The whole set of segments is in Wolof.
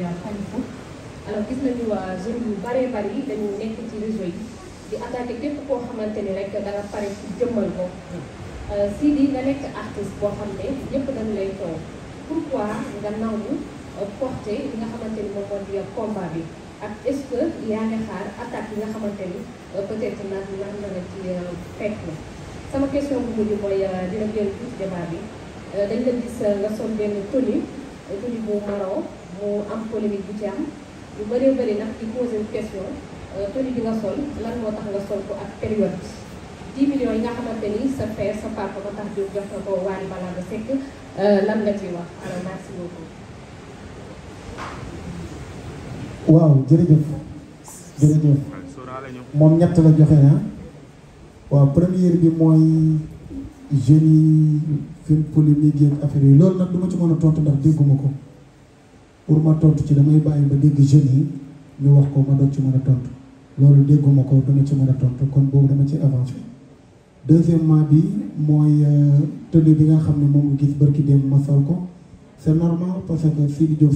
jaar fànn fu alors gis nañu waa jeunes yu bëree bëri dañu nekk ci réseau yi di attaqué képp koo xamante ni rek danga pare ci jëmmal ko hmm. euh, Sidy nga nekk artiste boo xam ne ñëpp dañu lay toog pourquoi nga nangu euh, porté li nga xamante moom moo di combat bi ak est-ce que yaa ngi xaar attaque yi nga xamante ni euh, peut-être naan naan na ci fekk la sama question bu mujj mooy dina génn tuuti débat bi dañ la gis nga sol benn tenue tenue bu marron mu am polémique bu ci am bëree bëri nag di poser question euh, tenue bi nga sol lan moo tax nga sol ko ak période bi 10 yi nga xamante ni sa père sa papa ba tax jox na ko euh, waaw jërëjëf jërëjëf moom ñett la joxe ah waaw première bi mooy jeunes yi seen polémique yi affaire yi loolu nag du ma ci mën a tontu ndax dégguma ko. pour ma tontu ci damay bàyyi ba dégg jeunes yi ñu wax ko ma doog ci mën a tontu loolu dégguma ko dama ci mën a tontu kon boobu dama ci avancé deuxièmement bi mooy euh, tëdd bi nga xam ne moom nga gis barki démb ma sol ko c'est normal parce que Sidy Diop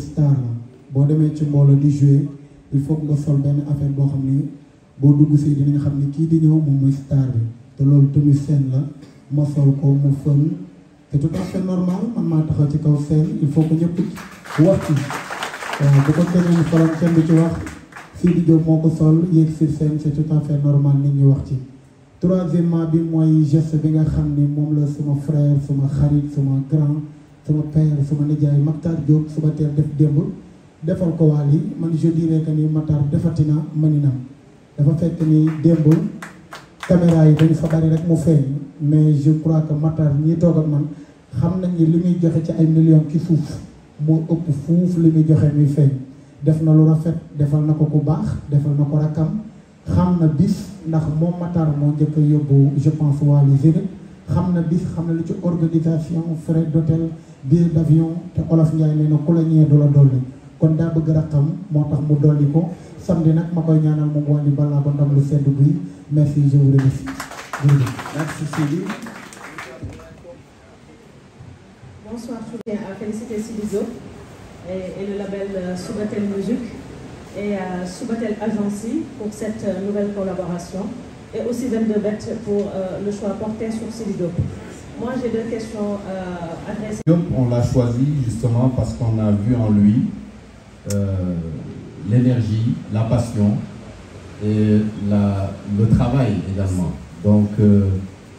boo demee ci mbooloo di jouer il faut nga sol benn affaire boo xam ni boo dugg si dinañ xam ni kii di ñëw moom mooy bi te loolu tamit seen la ma sol ko mu fën te tout à normal man maa taxaw ci kaw seen il faut que ñëpp wax ci. Euh, bu ko keneen xolam kenn du ci wax Sidi Diop moo ko sol yéeg si seen c'est tout à fait normal nit wax ci troisièmement bi mooy geste bi nga xam ni moom la suma frère suma xarit suma grand suma père suma nijaay Makhtar Diop suba teel def démb defal ko waal yi man je dirais que ni Makhtar defatina ni na dafa fekk ni démb caméra yi dañu fa bari rek mu feeñ mais je crois que Makhtar ñi toog man xam nañ ni li muy joxe ci ay millions ci suuf moo ëpp fuuf li muy joxe muy feeñ def na lu rafet defal na ko ku baax defal na ko rakkam xam na bis ndax moom Matar moo njëkk a yóbbu je pense waa les Zénith xam na bis xam na lu ci organisation frais d'hôtel billet d'avion te Olof Ndiaye nee na ku la ñëwee du la dolli kon daa bëgg rakkam moo tax mu dolli ko samedi nag ma koy ñaanal moom wàññi balaa ba ndam lu sedd guy merci je vous remercie. merci bonsoir, je viens Soubatel Musique et Soubatel euh, euh, Agency pour cette euh, nouvelle collaboration et aussi 22 bêtes pour le choix porté sur Sidizo. j'ai deux questions adressées. On l'a choisi justement parce qu'on a vu en lui l'énergie, la passion et le travail également.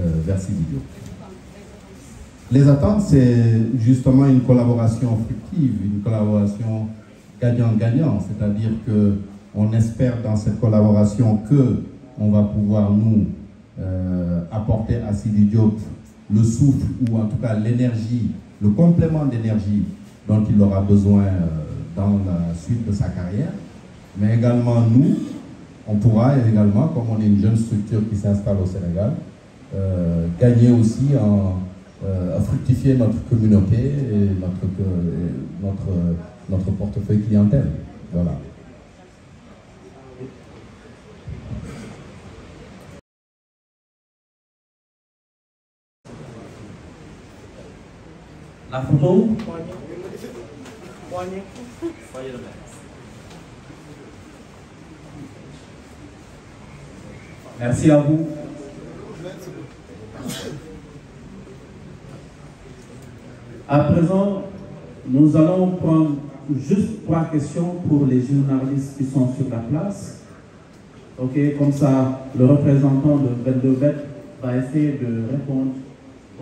Euh, vers Sididio. Les attentes, c'est justement une collaboration fructive, une collaboration gagnant-gagnant, c'est-à-dire que espère dans cette collaboration que on va pouvoir nous euh, apporter à le souffle ou en tout cas l'énergie, le complément d'énergie dont il aura besoin euh, dans la suite de sa carrière. Mais également nous, on pourra également, comme on est une jeune structure qui s'installe au Sénégal, Euh, gagner aussi à, euh, à fructifier notre communauté et notre, et euh, notre, portefeuille clientèle. Voilà. À présent, nous allons prendre juste trois questions pour les journalistes qui sont sur la place. comme ça, le représentant de 22 va essayer de répondre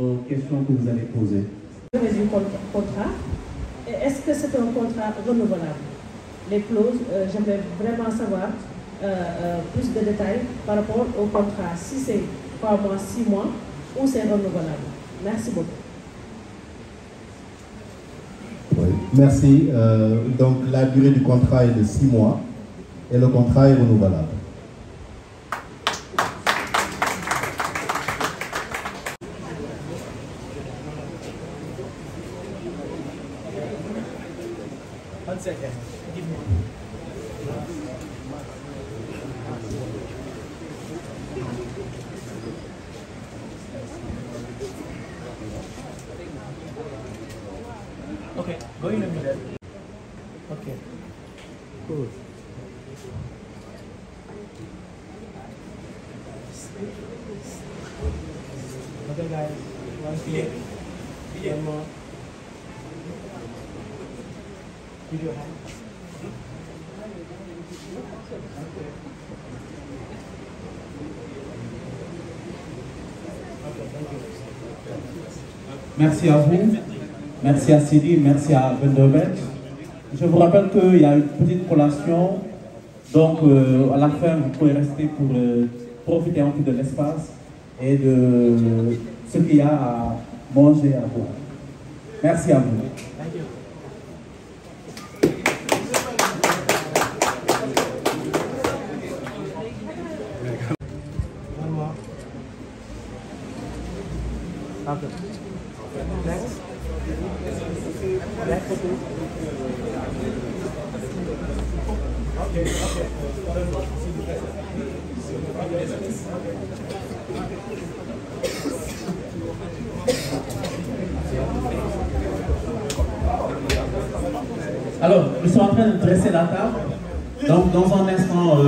aux questions que vous avez posées. Du contrat, est-ce que c'est un contrat renouvelable Les clauses, euh, j'aimerais vraiment savoir euh, euh, plus de détails par rapport au contrat. Si c'est 3 mois, ou c'est renouvelable Merci beaucoup. Oui, merci. Euh, donc la durée du contrat est de six mois et le contrat est renouvelable. One second. Going on there. Okay. Cool. Okay guys, one clear. One more. Give your hand. Okay, thank you. Merci à Sidi, merci à Bendomet. Je vous rappelle qu'il y a une petite collation, donc euh, à la fin, vous pouvez rester pour euh, profiter un peu de l'espace et de ce qu'il y a à manger et à boire. Merci à vous. Okay. Next. Alors, nous sommes en train de dresser la table. Donc, dans un instant,